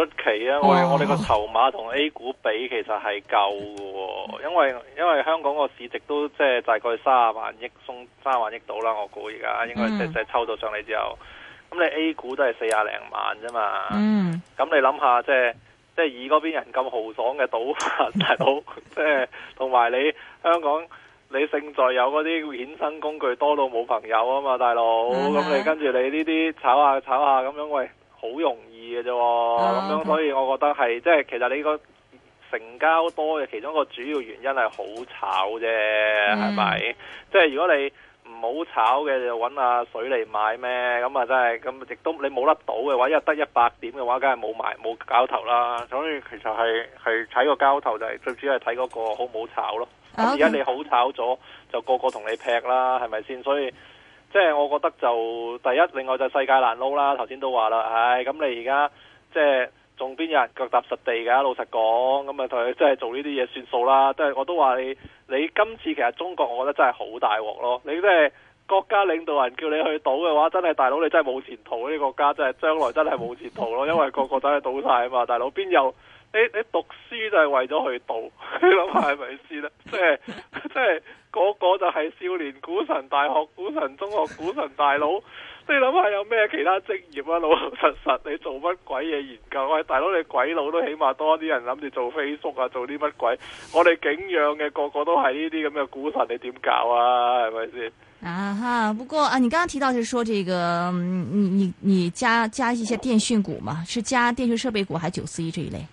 出奇啊！因為我哋個籌碼同 A 股比，其實係夠嘅。因為因為香港個市值都即係大概卅萬億，卅萬億到啦。我估而家應該即係即係抽到上嚟之後，咁你 A 股都係四廿零萬啫嘛。咁你諗下，即係即係以嗰邊人咁豪爽嘅賭法，大佬，即係同埋你香港你勝在有嗰啲衍生工具多到冇朋友啊嘛，大佬。咁你跟住你呢啲炒下炒下咁樣，喂，好用。嘅啫，咁樣，所以我覺得係即係其實你個成交多嘅其中一個主要原因係好炒啫，係、mm. 咪？即、就、係、是、如果你唔好炒嘅就揾阿水嚟買咩？咁啊，真係咁亦都你冇甩到嘅話，一日得一百點嘅話，梗係冇埋冇交頭啦。所以其實係係睇個交頭就係、是、最主要係睇嗰個好唔好炒咯。咁而、oh, 家、okay. 你好炒咗，就個個同你劈啦，係咪先？所以。即係我覺得就第一，另外就世界難撈啦。頭先都話啦，唉，咁你而家即係仲邊有人腳踏實地㗎？老實講，咁啊，同佢即係做呢啲嘢算數啦。即係我都話你，你今次其實中國，我覺得真係好大鑊咯。你即係國家領導人叫你去賭嘅話，真係大佬你真係冇前途。呢個國家真係將來真係冇前途咯，因為個個都係賭晒啊嘛，大佬邊有？你你讀書就係為咗去賭，你諗下係咪先啦？即係即係個個就係少年股神、大學股神、中學股神、大佬。你諗下有咩其他職業啊？老老實實你做乜鬼嘢研究？喂，大佬你鬼佬都起碼多啲人諗住做 Facebook 啊，做啲乜鬼？我哋景仰嘅個個都係呢啲咁嘅股神，你點搞啊？係咪先？啊哈，不過啊，你剛剛提到就係說這個，你你你加加一些電訊股嘛？是加電訊設備股，還是九四一這一類？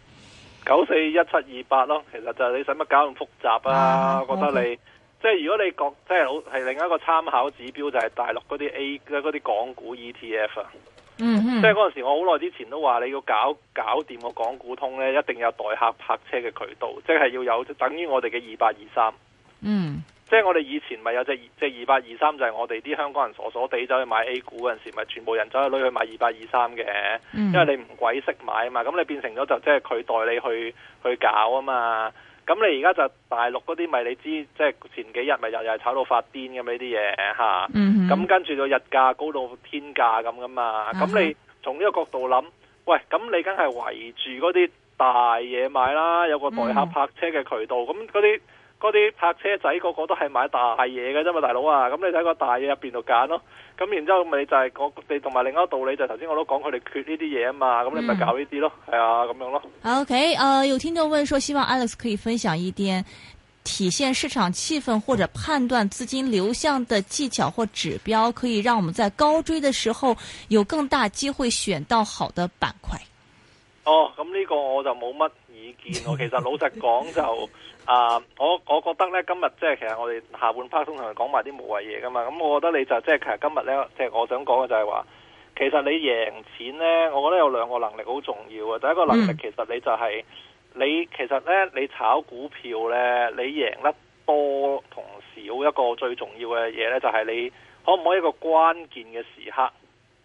九四一七二八咯，其實就係你使乜搞咁複雜啊？啊我覺得你、okay. 即係如果你覺即係好係另一個參考指標就係大陸嗰啲 A 啲港股 ETF 啊、mm-hmm.，嗯嗯，即係嗰陣時我好耐之前都話你要搞搞掂個港股通呢，一定有代客泊車嘅渠道，即係要有等於我哋嘅二八二三，嗯、mm-hmm.。即係我哋以前咪有隻即係二百二三，就係我哋啲香港人傻傻地走去買 A 股嗰陣時，咪全部人走去攞去買二百二三嘅，嗯，因為你唔鬼識買嘛，咁你變成咗就即係佢代你去去搞啊嘛，咁你而家就大陸嗰啲咪你知，即係前幾日咪日日係炒到發癲咁呢啲嘢吓，咁、嗯啊嗯、跟住就日價高到天價咁噶嘛，咁你從呢個角度諗，喂，咁你梗係圍住嗰啲大嘢買啦，有個代客泊車嘅渠道，咁嗰啲。那那嗰啲泊車仔，個個都係買大嘢嘅啫嘛，大佬啊！咁你睇個大嘢入邊度揀咯，咁然之後咪就係、是、我你同埋另一個道理，就係頭先我都講佢哋缺呢啲嘢啊嘛，咁你咪搞呢啲咯，係、嗯、啊咁樣咯。OK，誒、呃、有聽眾問說，希望 Alex 可以分享一啲體現市場氣氛或者判斷資金流向嘅技巧或指標，可以讓我們在高追嘅時候有更大機會選到好的板塊。哦，咁、嗯、呢個我就冇乜。意見我 其實老實講就啊、呃，我我覺得呢，今日即係其實我哋下半 part 通常講埋啲無謂嘢噶嘛，咁、嗯、我覺得你就是、即係其實今日呢，即係我想講嘅就係話，其實你贏錢呢，我覺得有兩個能力好重要嘅，第一個能力其實你就係、是 mm. 你其實呢，你炒股票呢，你贏得多同少一個最重要嘅嘢呢，就係、是、你可唔可以一個關鍵嘅時刻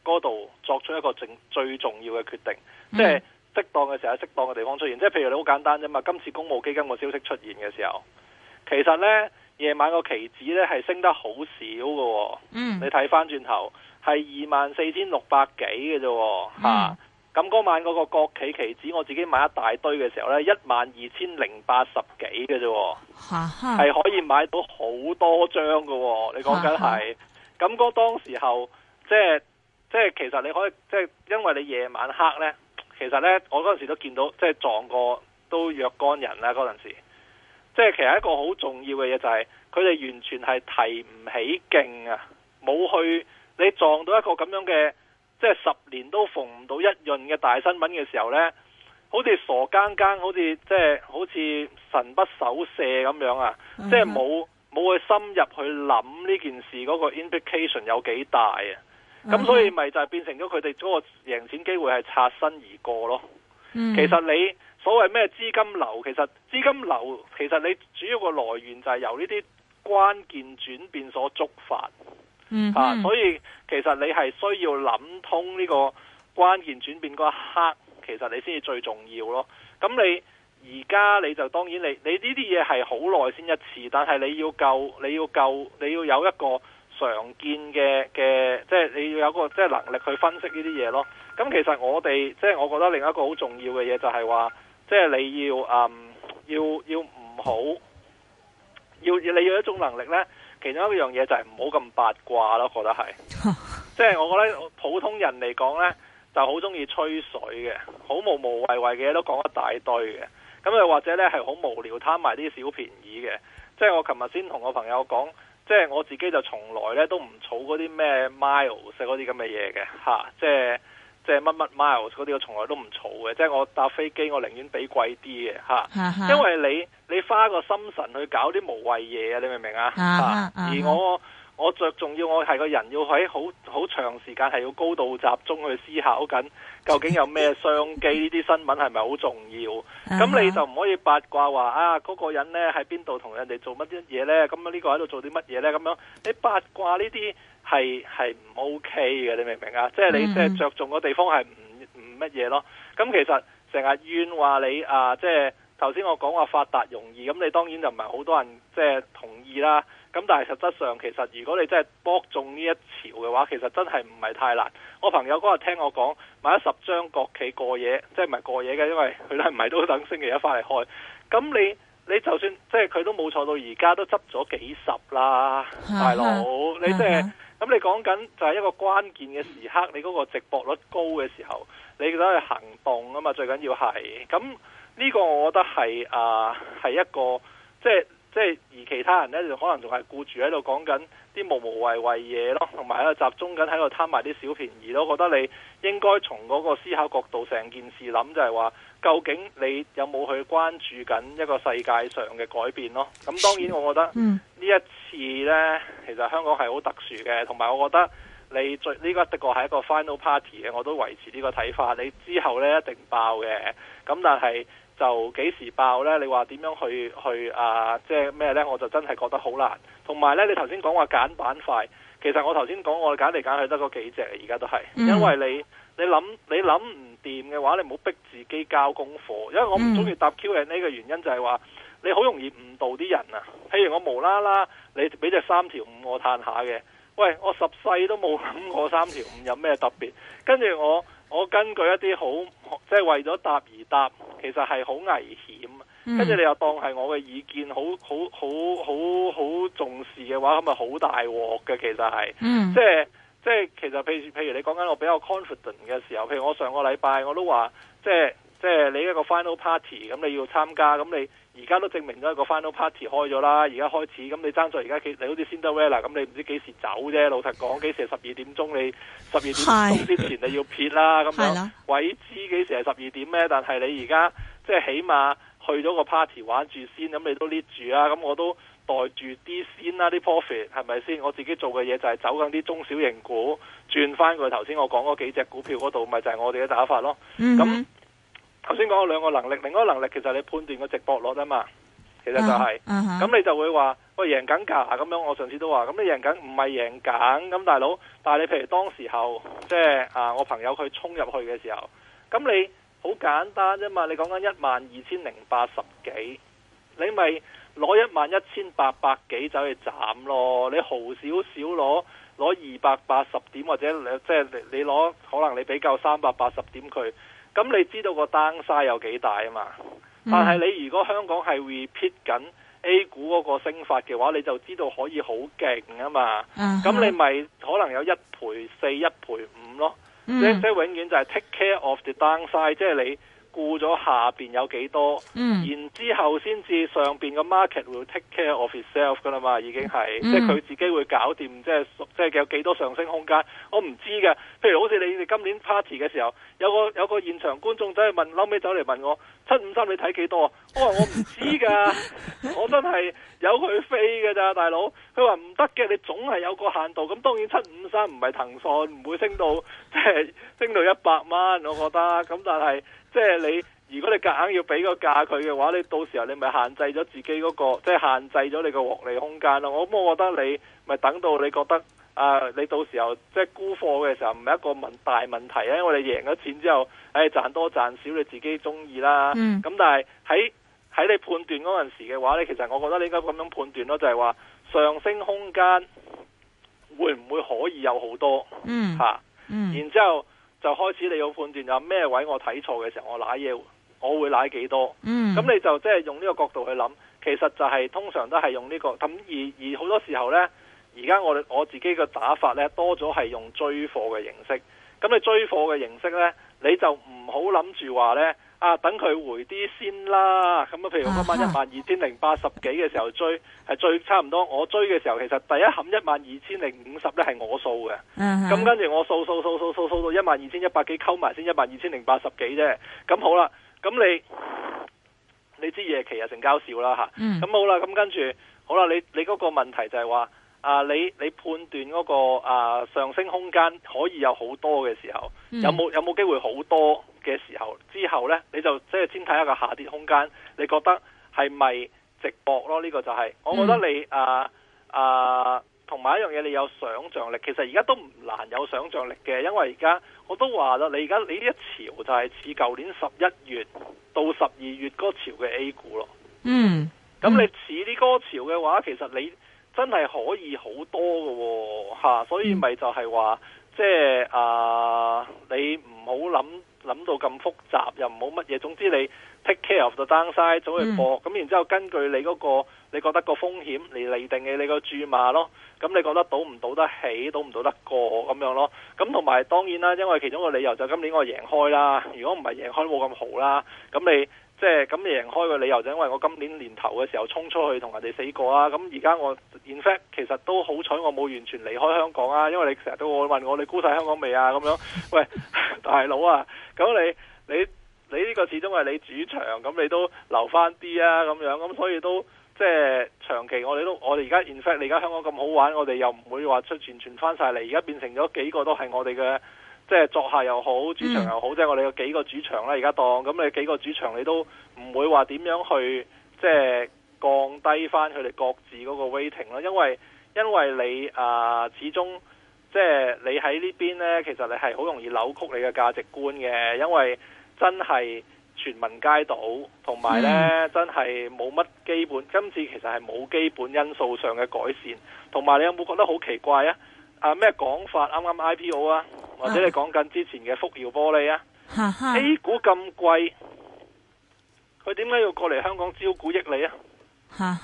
嗰度作出一個正最重要嘅決定，即、就、係、是。Mm. 適當嘅時候喺適當嘅地方出現，即係譬如你好簡單啫嘛。今次公募基金嘅消息出現嘅時候，其實呢夜晚個期指呢係升得好少㗎喎。嗯，你睇翻轉頭係二萬四千六百幾嘅啫，嚇咁嗰晚嗰個國企期指，我自己買一大堆嘅時候呢，一萬二千零八十幾嘅啫，嚇係可以買到好多張㗎喎。你講緊係咁嗰當時候，即係即係其實你可以即係因為你夜晚黑呢。其實呢，我嗰陣時都見到，即係撞過都若干人啦。嗰陣時，即係其實一個好重要嘅嘢就係、是，佢哋完全係提唔起勁啊！冇去你撞到一個咁樣嘅，即係十年都逢唔到一潤嘅大新聞嘅時候呢，好似傻更更，好似即係好似神不守舍咁樣啊！Mm-hmm. 即係冇冇去深入去諗呢件事嗰個 implication 有幾大啊！咁所以咪就係變成咗佢哋嗰個贏錢機會係擦身而過咯。其實你所謂咩資金流，其實資金流其實你主要個來源就係由呢啲關鍵轉變所觸發。啊，所以其實你係需要諗通呢個關鍵轉變嗰一刻，其實你先至最重要咯。咁你而家你就當然你你呢啲嘢係好耐先一次，但係你要夠你要夠你要有一個。常見嘅嘅，即係你要有個即係能力去分析呢啲嘢咯。咁其實我哋即係我覺得另一個好重要嘅嘢就係話，即係你要嗯要要唔好要，要你要一種能力呢。其中一樣嘢就係唔好咁八卦咯。覺得係， 即係我覺得普通人嚟講呢，就好中意吹水嘅，好無無謂謂嘅嘢都講一大堆嘅。咁又或者呢，係好無聊貪埋啲小便宜嘅。即係我琴日先同我朋友講。即係我自己就從來咧都唔儲嗰啲咩 miles 嗰啲咁嘅嘢嘅嚇，即係即係乜乜 miles 嗰啲我從來都唔儲嘅，即係我搭飛機我寧願俾貴啲嘅嚇，因為你你花個心神去搞啲無謂嘢啊，你明唔明啊？而我。 我着重要我係個人要喺好好長時間係要高度集中去思考緊，究竟有咩商機呢啲新聞係咪好重要？ 咁你就唔可以八卦話啊，嗰個人呢喺邊度同人哋做乜啲嘢呢？咁呢個喺度做啲乜嘢呢？咁樣你八卦呢啲係係唔 OK 嘅，你明唔明啊？即 係你即係着重個地方係唔唔乜嘢咯？咁其實成日怨話你啊，即係頭先我講話發達容易，咁你當然就唔係好多人即係同意啦。咁但係實質上，其實如果你真係搏中呢一潮嘅話，其實真係唔係太難。我朋友嗰日聽我講買咗十張國企過夜，即係唔係過夜嘅，因為佢都唔係都等星期一翻嚟開。咁你你就算即係佢都冇錯到而家都執咗幾十啦， 大佬，你即係咁你講緊就係一個關鍵嘅時刻，你嗰個值博率高嘅時候，你都係行動啊嘛，最緊要係。咁呢個我覺得係啊係一個即係。即係而其他人呢，就可能仲係顧住喺度講緊啲無無為為嘢咯，同埋喺度集中緊喺度貪埋啲小便宜咯。我覺得你應該從嗰個思考角度成件事諗，就係話究竟你有冇去關注緊一個世界上嘅改變咯？咁當然，我覺得呢一次呢，其實香港係好特殊嘅，同埋我覺得你最呢個的確係一個 final party 嘅，我都維持呢個睇法。你之後呢，一定爆嘅，咁但係。就幾時爆呢？你話點樣去去啊？即係咩呢？我就真係覺得好難。同埋呢，你頭先講話揀板塊，其實我頭先講我揀嚟揀去得嗰幾隻，而家都係。因為你你諗你諗唔掂嘅話，你唔好逼自己交功課。因為我唔中意搭 Q&A 嘅原因就係話你好容易誤導啲人啊。譬如我無啦啦，你俾隻三條五我嘆下嘅，喂，我十世都冇諗過三條五有咩特別，跟住我。我根據一啲好即係為咗答而答，其實係好危險。嗯，跟住你又當係我嘅意見好好好好好重視嘅話，咁咪好大鑊嘅。其實係、嗯，即係即係其實譬如譬如你講緊我比較 confident 嘅時候，譬如我上個禮拜我都話即係。即係你一個 final party，咁你要參加，咁你而家都證明咗一個 final party 開咗啦。而家開始，咁你爭咗。而家你好似 c i n d r a 咁，你唔知幾時走啫。老實講，幾時係十二點鐘，你十二點鐘之前你要撇啦。咁 樣，鬼知幾時係十二點咩？但係你而家即係起碼去咗個 party 玩住先，咁你都捏住啊。咁我都待住啲先啦，啲 profit 係咪先？我自己做嘅嘢就係走緊啲中小型股，轉翻去頭先我講嗰幾隻股票嗰度，咪就係、是、我哋嘅打法咯。咁頭先講，兩個能力，另一個能力其實你判斷個值博率啊嘛，其實就係、是，咁、uh-huh. 你就會話喂，贏緊㗎咁樣。我上次都話咁你贏緊唔係贏緊咁大佬，但係你譬如當時候即係啊，我朋友佢衝入去嘅時候，咁你好簡單啫嘛。你講緊一萬二千零八十幾，你咪攞一萬一千八百幾走去斬咯。你豪少少攞攞二百八十點或者即係你攞可能你比較三百八十點佢。咁你知道個 downside 有幾大啊嘛？但係你如果香港係 repeat 緊 A 股嗰個升法嘅話，你就知道可以好勁啊嘛。咁、uh-huh. 你咪可能有一倍四、一倍五咯。Mm-hmm. 即即永遠就係 take care of the downside，即係你。估咗下邊有幾多、嗯，然之後先至上邊個 market 會 take care of itself 噶啦嘛，已經係、嗯、即係佢自己會搞掂，即係即係有幾多上升空間，我唔知嘅。譬如好似你哋今年 party 嘅時候，有個有個現場觀眾走去問，後尾走嚟問我七五三你睇幾多啊？我話我唔知㗎， 我真係。由佢飛嘅咋，大佬？佢話唔得嘅，你總係有個限度。咁當然七五三唔係騰訊，唔會升到即係、就是、升到一百蚊。我覺得咁，但係即係你，如果你夾硬要俾個價佢嘅話，你到時候你咪限制咗自己嗰、那個，即、就、係、是、限制咗你個獲利空間咯。我咁，我覺得你咪等到你覺得啊，你到時候即係沽貨嘅時候唔係一個問大問題啊。因為你贏咗錢之後，誒、哎、賺多賺少你自己中意啦。咁、嗯、但係喺喺你判斷嗰陣時嘅話呢，其實我覺得你應該咁樣判斷咯，就係話上升空間會唔會可以有好多？嗯，吓、嗯，然之後就開始你要判斷有咩位我睇錯嘅時候，我瀨嘢，我會瀨幾多？嗯，咁你就即係用呢個角度去諗，其實就係通常都係用呢個，咁而而好多時候呢，而家我哋我自己嘅打法呢，多咗係用追貨嘅形式。咁你追貨嘅形式呢，你就唔好諗住話呢。啊！等佢回啲先啦，咁啊，譬如嗰晚一萬二千零八十幾嘅時候追，係、uh-huh. 最差唔多。我追嘅時候，其實第一冚一萬二千零五十咧係我數嘅，咁、uh-huh. 跟住我數數數數數數到一萬二千一百幾，溝埋先一萬二千零八十幾啫。咁好啦，咁你你知夜期啊成交少啦吓，咁好啦，咁跟住好啦，你你嗰個問題就係話啊，你你判斷嗰個啊上升空間可以有好多嘅時候，有冇有冇機會好多？嘅時候之後呢，你就即係先睇下個下跌空間，你覺得係咪值博咯？呢、這個就係、是，我覺得你啊、mm. 啊，同、啊、埋一樣嘢，你有想像力。其實而家都唔難有想像力嘅，因為而家我都話啦，你而家你呢一潮就係似舊年十一月到十二月嗰潮嘅 A 股咯。嗯，咁你似啲嗰潮嘅話，其實你真係可以好多嘅喎嚇，所以咪就係話，mm. 即係啊，你唔好諗。諗到咁複雜又唔好乜嘢，總之你 take care of，就 down 晒，走去博。咁、mm. 然之後根據你嗰、嗰個，你覺得個風險嚟嚟定嘅你個注碼咯，咁你覺得賭唔賭得起，賭唔賭得過咁樣咯，咁同埋當然啦，因為其中個理由就今年我贏開啦，如果唔係贏開冇咁好啦，咁你。即係咁你贏開個理由就係因為我今年年頭嘅時候衝出去同人哋死過啊！咁而家我 in fact 其實都好彩我冇完全離開香港啊！因為你成日都會問我你估晒香港未啊？咁樣，喂大佬啊！咁你你你呢個始終係你主場，咁你都留翻啲啊！咁樣咁所以都即係長期我哋都我哋而家 in fact 你而家香港咁好玩，我哋又唔會話出完全翻晒嚟，而家變成咗幾個都係我哋嘅。即係作客又好，主場又好，嗯、即係我哋有幾個主場啦。而家當咁，你幾個主場你都唔會話點樣去即係降低翻佢哋各自嗰個 weighting 咯。因為因為你啊、呃，始終即係你喺呢邊呢，其實你係好容易扭曲你嘅價值觀嘅。因為真係全民皆賭，同埋呢、嗯、真係冇乜基本，今次其實係冇基本因素上嘅改善。同埋你有冇覺得好奇怪啊？啊咩講法？啱啱 IPO 啊？或者你講緊之前嘅福耀玻璃啊，啊，A 股咁貴，佢點解要過嚟香港招股益你啊？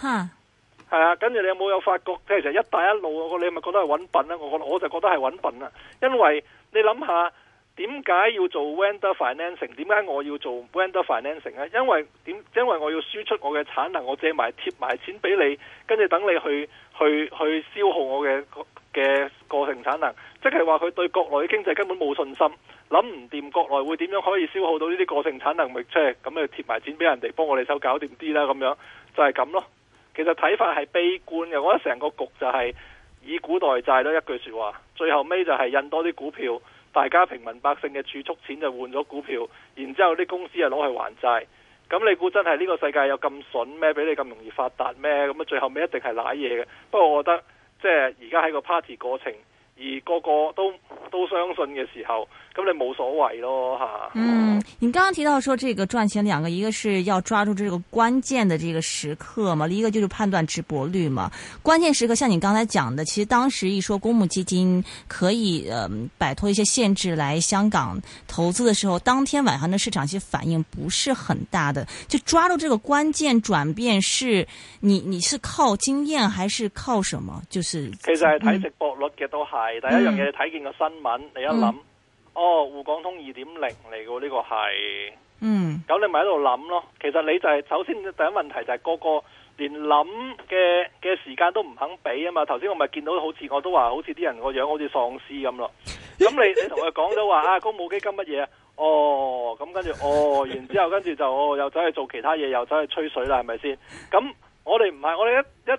係啊，跟住、啊、你有冇有發覺即係其實一帶一路，我你係咪覺得係揾笨咧？我覺得我就覺得係揾笨啊，因為你諗下。點解要做 vendor financing？點解我要做 vendor financing 啊？因為點？因為我要輸出我嘅產能，我借埋貼埋錢俾你，跟住等你去去去消耗我嘅嘅個性產能，即係話佢對國內嘅經濟根本冇信心，諗唔掂國內會點樣可以消耗到呢啲個性產能力出嚟，咁就貼埋錢俾人哋幫我哋手搞掂啲啦，咁樣就係咁咯。其實睇法係悲觀嘅，我覺得成個局就係以股代債咯，一句説話，最後尾就係印多啲股票。大家平民百姓嘅儲蓄錢就換咗股票，然之後啲公司啊攞去還債，咁你估真係呢個世界有咁筍咩？俾你咁容易發達咩？咁啊最後咪一定係瀨嘢嘅。不過我覺得即係而家喺個 party 過程。而個個都都相信嘅時候，咁你冇所謂咯嚇。嗯，你剛剛提到說這個賺錢兩個，一個是要抓住這個關鍵的這個時刻嘛，一個就是判斷值博率嘛。關鍵時刻，像你剛才講的，其實當時一說公募基金可以呃擺脱一些限制來香港投資的時候，當天晚上的市場其實反應不是很大的。就抓住這個關鍵轉變是你你是靠經驗還是靠什麼，就是其實係睇值博率嘅都係。嗯嗯、第一樣嘢，睇見個新聞，你一諗、嗯，哦，滬港通二點零嚟嘅呢個係，嗯，咁你咪喺度諗咯。其實你就係、是、首先第一問題就係、是、個個連諗嘅嘅時間都唔肯俾啊嘛。頭先我咪見到好似我都話，好似啲人個樣好似喪屍咁咯。咁你你同佢講咗話啊，公募基金乜嘢？哦，咁跟住哦，然之後跟住就、哦、又走去做其他嘢，又走去吹水啦，係咪先？咁我哋唔係，我哋一一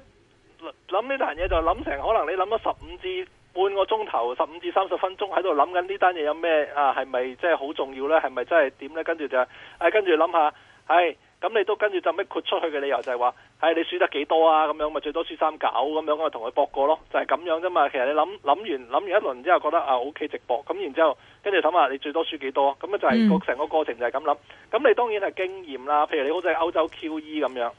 諗呢層嘢就諗成可能你諗咗十五支。半個鐘頭，十五至三十分鐘喺度諗緊呢單嘢有咩啊？係咪即係好重要呢？係咪真係點呢？跟住就係、啊、跟住諗下，係、哎、咁你都跟住就咩豁出去嘅理由就係、是、話、係、哎、你輸得幾多啊？咁樣咪最多輸三九咁樣，咪同佢搏過咯，就係、是、咁樣啫嘛。其實你諗諗完諗完一輪之後，覺得啊 O、OK, K 直播咁，然之後跟住諗下你最多輸幾多咁啊？就係個成個過程就係咁諗。咁你當然係經驗啦。譬如你好似係歐洲 QE 咁樣。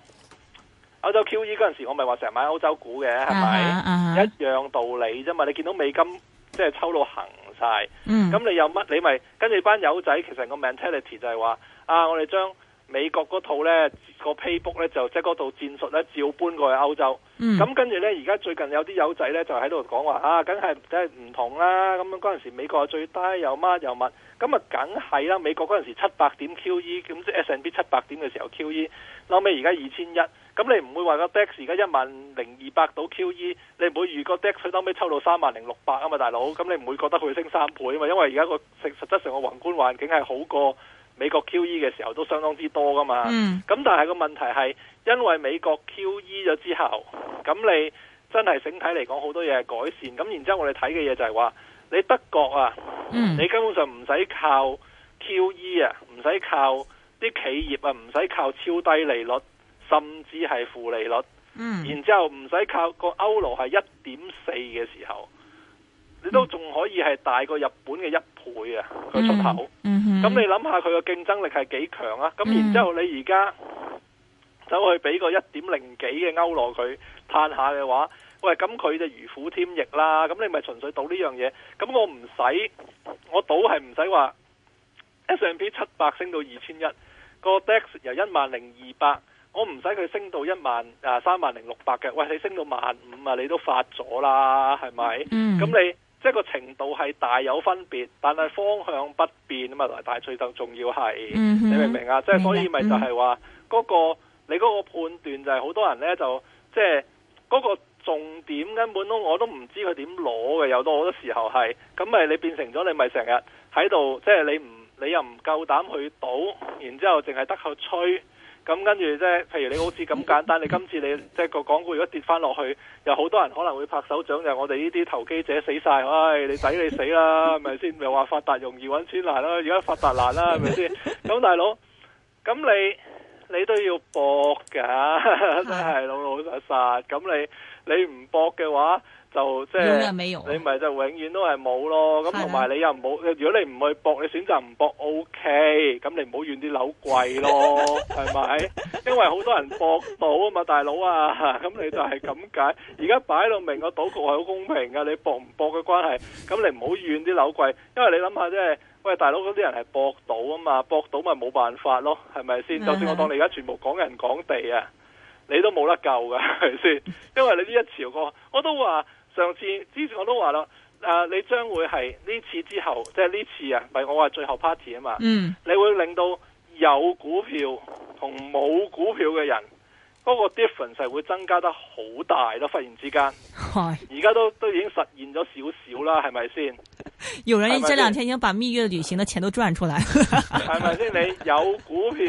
歐洲 QE 嗰陣時，我咪話成日買歐洲股嘅，係、啊、咪、啊、一樣道理啫嘛？你見到美金即係抽到行晒。咁、嗯、你又乜？你咪跟住班友仔，其實個 mentality 就係話啊，我哋將美國嗰套呢、呢個 playbook 呢，就即係嗰套戰術呢照搬過去歐洲。咁跟住呢，而家最近有啲友仔呢，就喺度講話啊，梗係梗係唔同啦。咁嗰陣時美國最低又乜又乜，咁啊梗係啦。美國嗰陣時七百點 QE，咁即係 S&P 七百點嘅時候 QE，後尾而家二千一。咁你唔會話個 DAX 而家一萬零二百到 QE，你唔會預個 DAX 兜尾抽到三萬零六百啊嘛，大佬。咁你唔會覺得佢升三倍啊嘛，因為而家個實質上個宏觀環境係好過美國 QE 嘅時候都相當之多噶嘛。咁、嗯、但係個問題係，因為美國 QE 咗之後，咁你真係整體嚟講好多嘢係改善。咁然之後我哋睇嘅嘢就係話，你德國啊，嗯、你根本上唔使靠 QE 啊，唔使靠啲企業啊，唔使靠超低利率。甚至係負利率，嗯、然之後唔使靠個歐羅係一點四嘅時候，嗯、你都仲可以係大過日本嘅一倍啊！佢、嗯、出口，咁、嗯嗯、你諗下佢嘅競爭力係幾強啊？咁、嗯、然之後你而家走去俾個一點零幾嘅歐羅佢攤下嘅話，喂，咁佢就如虎添翼啦！咁你咪純粹賭呢樣嘢？咁我唔使，我賭係唔使話 S&P 七百升到二千一，個 DAX 由一萬零二百。我唔使佢升到一萬啊，三萬零六百嘅。喂，你升到萬五啊，你都發咗啦，係咪？咁、mm-hmm. 你即係、就是、個程度係大有分別，但係方向不變啊嘛。但最重要係，mm-hmm. 你明唔明啊？即、就、係、是、所以咪就係話，嗰、mm-hmm. 那個你嗰個判斷就係好多人呢，就即係嗰個重點根本都我都唔知佢點攞嘅，有好多時候係咁咪你變成咗你咪成日喺度，即、就、係、是、你唔你又唔夠膽去賭，然之後淨係得去吹。咁跟住即係，譬如你好似咁簡單，你今次你即係個港股如果跌翻落去，有好多人可能會拍手掌，就係、我哋呢啲投機者死曬，唉、哎，你抵你死啦，係咪先？咪話發達容易揾錢難啦、啊，而家發達難啦、啊，係咪先？咁大佬，咁你你都要博㗎，真 係 老老實實。咁你你唔博嘅話，就即係、就是，你咪就永遠都係冇咯。咁同埋你又唔好，如果你唔去博，你選擇唔博，O K。咁、OK，你唔好怨啲樓貴咯，係咪？ 因為好多人博到啊嘛，大佬啊，咁你就係咁解。而家擺到明個賭局係好公平噶，你博唔博嘅關係。咁你唔好怨啲樓貴，因為你諗下即係，喂，大佬嗰啲人係博到啊嘛，博到咪冇辦法咯，係咪先？ 就算我當你而家全部港人港地啊，你都冇得救噶，係咪先？因為你呢一朝過，我都話。上次之前我都話啦，誒、啊，你將會係呢次之後，即係呢次啊，咪我話最後 party 啊嘛，嗯，你會令到有股票同冇股票嘅人，嗰、那個 difference 係會增加得好大咯，忽然之間，而 家都都已經實現咗少少啦，係咪先？有人這兩天已經把蜜月旅行嘅錢都賺出來，係咪先？你有股票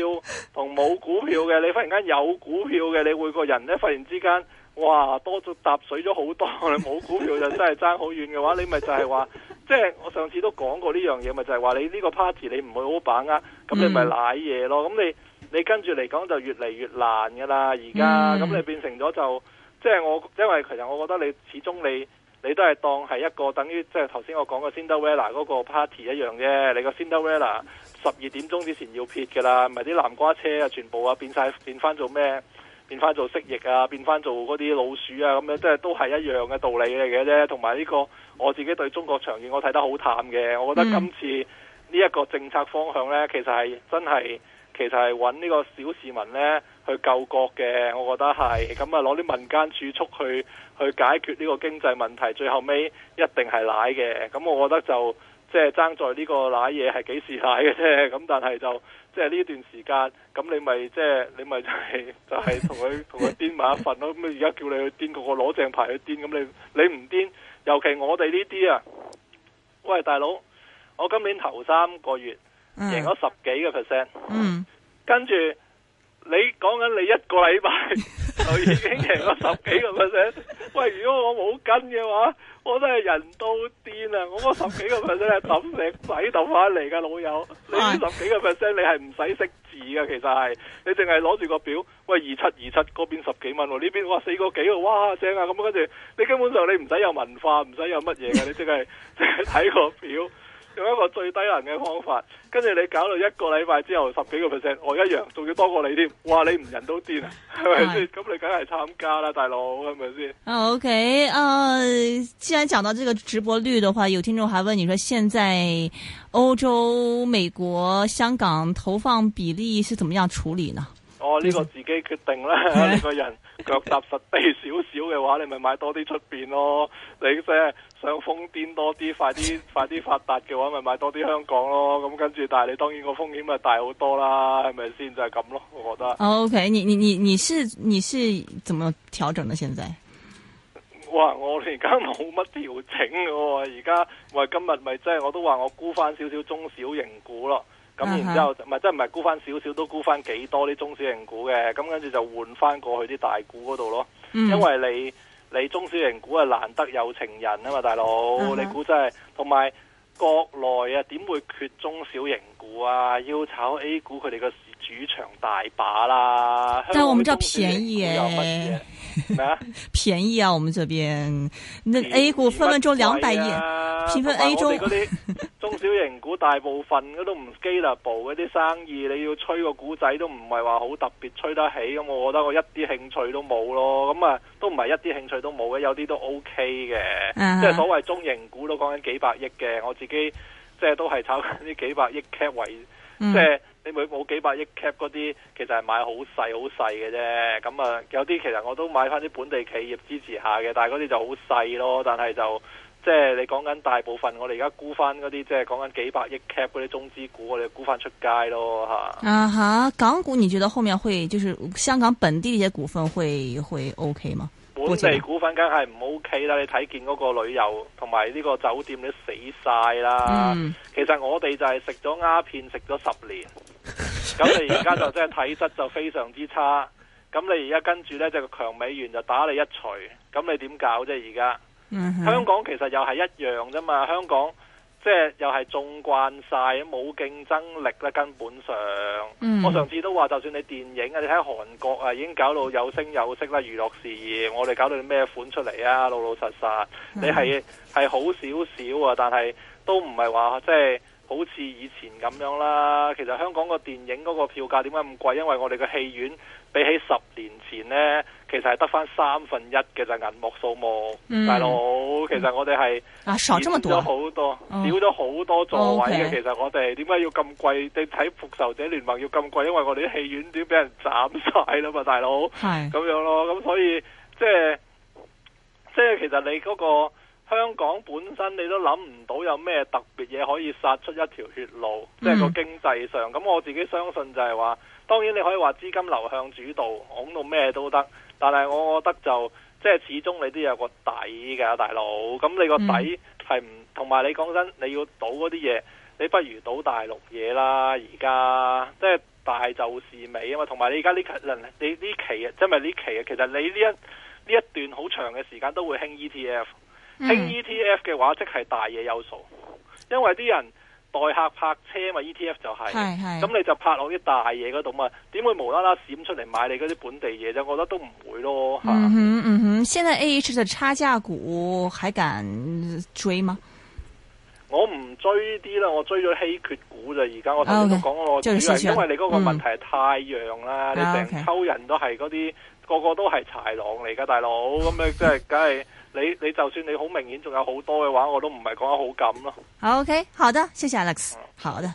同冇股票嘅，你忽然間有股票嘅，你會個人咧，忽然之間。哇，多咗搭水咗好多，你冇股票就真係爭好遠嘅話，你咪就係話，即 係、就是、我上次都講過呢樣嘢，咪就係、是、話你呢個 party 你唔會好把握，咁、嗯、你咪瀨嘢咯。咁你你跟住嚟講就越嚟越難噶啦，而家咁你變成咗就，即、就、係、是、我因為其實我覺得你始終你你都係當係一個等於即係頭先我講個 Cinderella 嗰個 party 一樣啫，你個 Cinderella 十二點鐘之前要撇噶啦，咪啲南瓜車啊全部啊變晒變翻做咩？變翻做蜥蜴啊，變翻做嗰啲老鼠啊，咁樣即係都係一樣嘅道理嚟嘅啫。同埋呢個我自己對中國長遠我睇得好淡嘅，我覺得今次呢一個政策方向呢，其實係真係其實係揾呢個小市民呢去救國嘅，我覺得係。咁啊攞啲民間儲蓄去去解決呢個經濟問題，最後尾一定係奶嘅。咁我覺得就。即係爭在呢個奶嘢係幾時奶嘅啫，咁但係就即係呢段時間，咁你咪即係你咪就係、是、就係同佢同佢癲埋一份咯。咁而家叫你去癲個個攞正牌去癲，咁你你唔癲，尤其我哋呢啲啊，喂大佬，我今年頭三個月，嗯、贏咗十幾個 percent，嗯、跟住你講緊你一個禮拜。 就 已經贏咗十幾個 percent，喂！如果我冇跟嘅話，我真係人都癲啊！我十幾個 percent 係抌石仔抌翻嚟㗎。老友，你知十幾個 percent 你係唔使識字㗎。其實係你淨係攞住個表，喂二七二七嗰邊十幾蚊，呢邊哇四個幾，哇正啊！咁跟住你根本上你唔使有文化，唔使有乜嘢嘅，你淨係淨係睇個表。用一個最低能嘅方法，跟住你搞到一個禮拜之後十幾個 percent，我一樣，仲要多過你添，哇！你唔人都癲啊，係咪先？咁你梗係參加啦，大佬，係咪先？OK，誒、呃，既然講到這個直播率的話，有聽眾還問你說，現在歐洲、美國、香港投放比例是怎麼樣處理呢？我、哦、呢、這個自己決定啦、 啊。你個人腳踏實地少少嘅話，你咪買多啲出邊咯。你即係想瘋癲多啲，快啲 快啲發達嘅話，咪買多啲香港咯。咁、嗯、跟住，但係你當然個風險咪大好多啦，係咪先？就係、是、咁咯，我覺得。O、oh, K，、okay. 你你你你是你是怎麼調整呢？現在？哇！我而家冇乜調整嘅、哦，而家我今日咪即係我都話我沽翻少少中小型股咯。咁然之後就，唔、uh-huh. 係，即係唔係沽翻少少都沽翻幾多啲中小型股嘅，咁跟住就換翻過去啲大股嗰度咯、嗯。因為你你中小型股係難得有情人啊嘛，大佬，uh-huh. 你估真係，同埋國內啊點會缺中小型股啊？要炒 A 股佢哋個主場大把啦。但係我們叫便宜，咩啊？ 便宜啊！我們這邊，那 A 股分分，分鐘兩百億、啊，評分 A 中。 小型股大部分的都唔 scalable 嗰啲生意，你要吹個股仔都唔係話好特別吹得起，咁我覺得我一啲興趣都冇咯。咁啊，都唔係一啲興趣都冇嘅，有啲都 OK 嘅，uh-huh. 即係所謂中型股都講緊幾百億嘅。我自己即係都係炒緊啲幾百億 cap 為，uh-huh. 即係你每冇幾百億 cap 嗰啲，其實係買好細好細嘅啫。咁啊，有啲其實我都買翻啲本地企業支持下嘅，但係嗰啲就好細咯，但係就。即係你講緊大部分我，我哋而家估翻嗰啲，即係講緊幾百億 cap 嗰啲中資股，我哋估翻出街咯吓。啊吓，港股你覺得後面會，就是香港本地嘅股份會會 OK 嗎？本地股份梗係唔 OK 啦，你睇見嗰個旅遊同埋呢個酒店你都死晒啦，嗯。其實我哋就係食咗鴉片食咗十年，咁 你而家就即係體質就非常之差。咁你而家跟住呢，就係、是、個強美元就打你一錘，咁你點搞啫？而家？Mm-hmm. 香港其實又係一樣啫嘛，香港即係又係縱慣晒，冇競爭力啦，根本上。Mm-hmm. 我上次都話，就算你電影啊，你睇韓國啊，已經搞到有聲有色啦，娛樂事業。我哋搞到啲咩款出嚟啊？老老實實，你係係好少少啊，但係都唔係話即係。就是好似以前咁樣啦，其實香港個電影嗰個票價點解咁貴？因為我哋嘅戲院比起十年前呢，其實係得翻三分一嘅就係、銀幕數目，嗯、大佬，其實我哋係少咗好多，少咗好多座位嘅、哦 okay。其實我哋點解要咁貴？你睇《復仇者聯盟》要咁貴，因為我哋啲戲院點俾人斬晒啦嘛，大佬。係咁樣咯，咁所以即係即係其實你嗰、嗰個。香港本身你都諗唔到有咩特別嘢可以殺出一條血路，即係個經濟上。咁，mm. 我自己相信就係話，當然你可以話資金流向主導，講到咩都得。但係我覺得就即係始終你都有個底㗎，大佬。咁你個底係唔同埋你講真，你要賭嗰啲嘢，你不如賭大陸嘢啦。而家即係大就是美啊嘛。同埋你而家呢期，你呢期啊，即係咪呢期啊？其實你呢一呢一段好長嘅時間都會興 E T F。喺 ETF 嘅話，即、就、係、是、大嘢有數，因為啲人代客泊車嘛，ETF 就係、是，咁你就泊落啲大嘢嗰度嘛。點會無啦啦閃出嚟買你嗰啲本地嘢啫？我覺得都唔會咯嚇。嗯，嗯現在 AH 的差價股還敢追嗎？我唔追啲啦，我追咗稀缺股就而家。現在我同你講我，啊、okay，因為你嗰個問題太陽啦、啊，你成抽人都係嗰啲個個都係豺狼嚟噶，大佬咁樣即係梗係。 你你就算你好明顯仲有好多嘅話，我都唔係講得好噉咯。OK，好的，謝謝 Alex。嗯，好的。